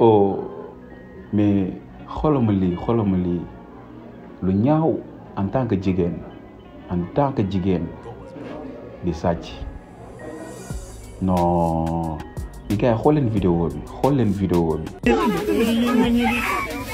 oh mais xoolama lii lu ñaaw en tant que jigéen en tant que jigéen di sàcc non li gars yi xool leen vidéo bi xool vidéo bi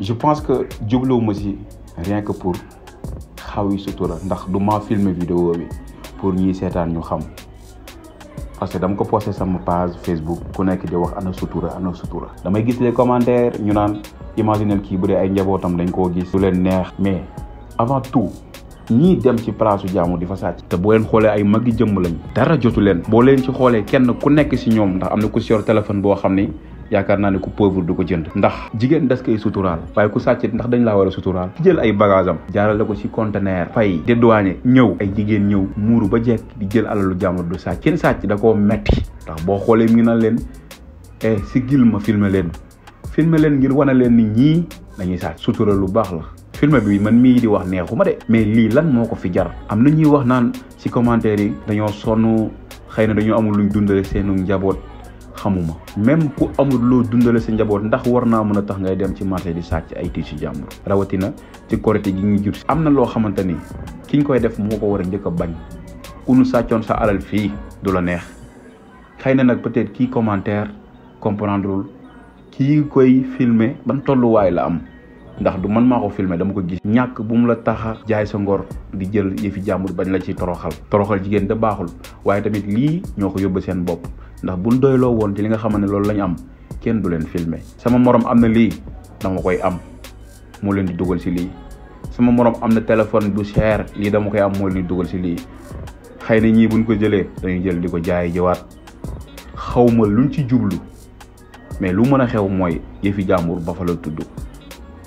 je pense que jubluwuma si rien que pour xaw yi sutura ndax du ma vidéo bi pour ñiy seetaan ñu xam parce que ko sama page Facebook ku nekk di wax ana sutura ana sutura damay gis les commentaires ñu naan imaginel kii bu dee ay njabootam dañ koo gis du mais avant tout ñii dem ci jaamu di fa te leen xoolee ay magi jëmm lañ dara jotu leen boo leen ci xoolee kenn si ndax téléphone yaakaar naa ne ku pauvre du ko jënd ndax jigéen des koy suturaal waaye ku sàccit ndax dañ la war a suturaal jël ay bagage am jaarale ko ci conteneur fay dédouané ñëw ay jigéen ñëw muuru ba jekk di jël alalu jàmbur du sàcc kenn sàcc da koo metti ndax boo xoolee mi ngi na leen e eh, si gil ma filmer leen filmer leen ngir wana leen ni ñii dañuy sàcc sutura lu baax la film bi man mii di wax neexuma de mais lii lan moo ko fi jar am na ñuy wax naan ci commentaire yi dañoo sonn xëy na dañoo amul luñ dundale seenu njaboot xamuma même ku amul loo dundale sa njaboot ndax warna naa mën tax ngay dem ci marché di sàcc ay tiis yu jàmbur rawatina ci korite gi ñu jub si am na loo xamante kiñ koy def moo ko war a njëkk a bañ ku nu sàccoon sa alal fi du la neex xëy na nag peut-être kii commentaire comprendrewul kii koy filmer ban tolluwaay la am ndax du man ko filmé dama ko gis Nyak bu mu la taxa jaay sa ngor di jël yefi jàmbur bañ la ci toroxal toroxal jigéen da baaxul waaye tamit li ñoo ko yóbbu ndax buñ doyloo woon ci li nga xamante ne loolu lañu am kenn du leen filmer sama moroom am na lii dama koy am moo leen di dugal si lii sama morom am na téléphone bu cher lii dama koy am moo di dugal si lii xëy ñii buñ ko jëlee dañuy jël di ko jaay jiwaat xawma luñ ci jublu mais lu mën a xew mooy yëfi jàmbur ba tudd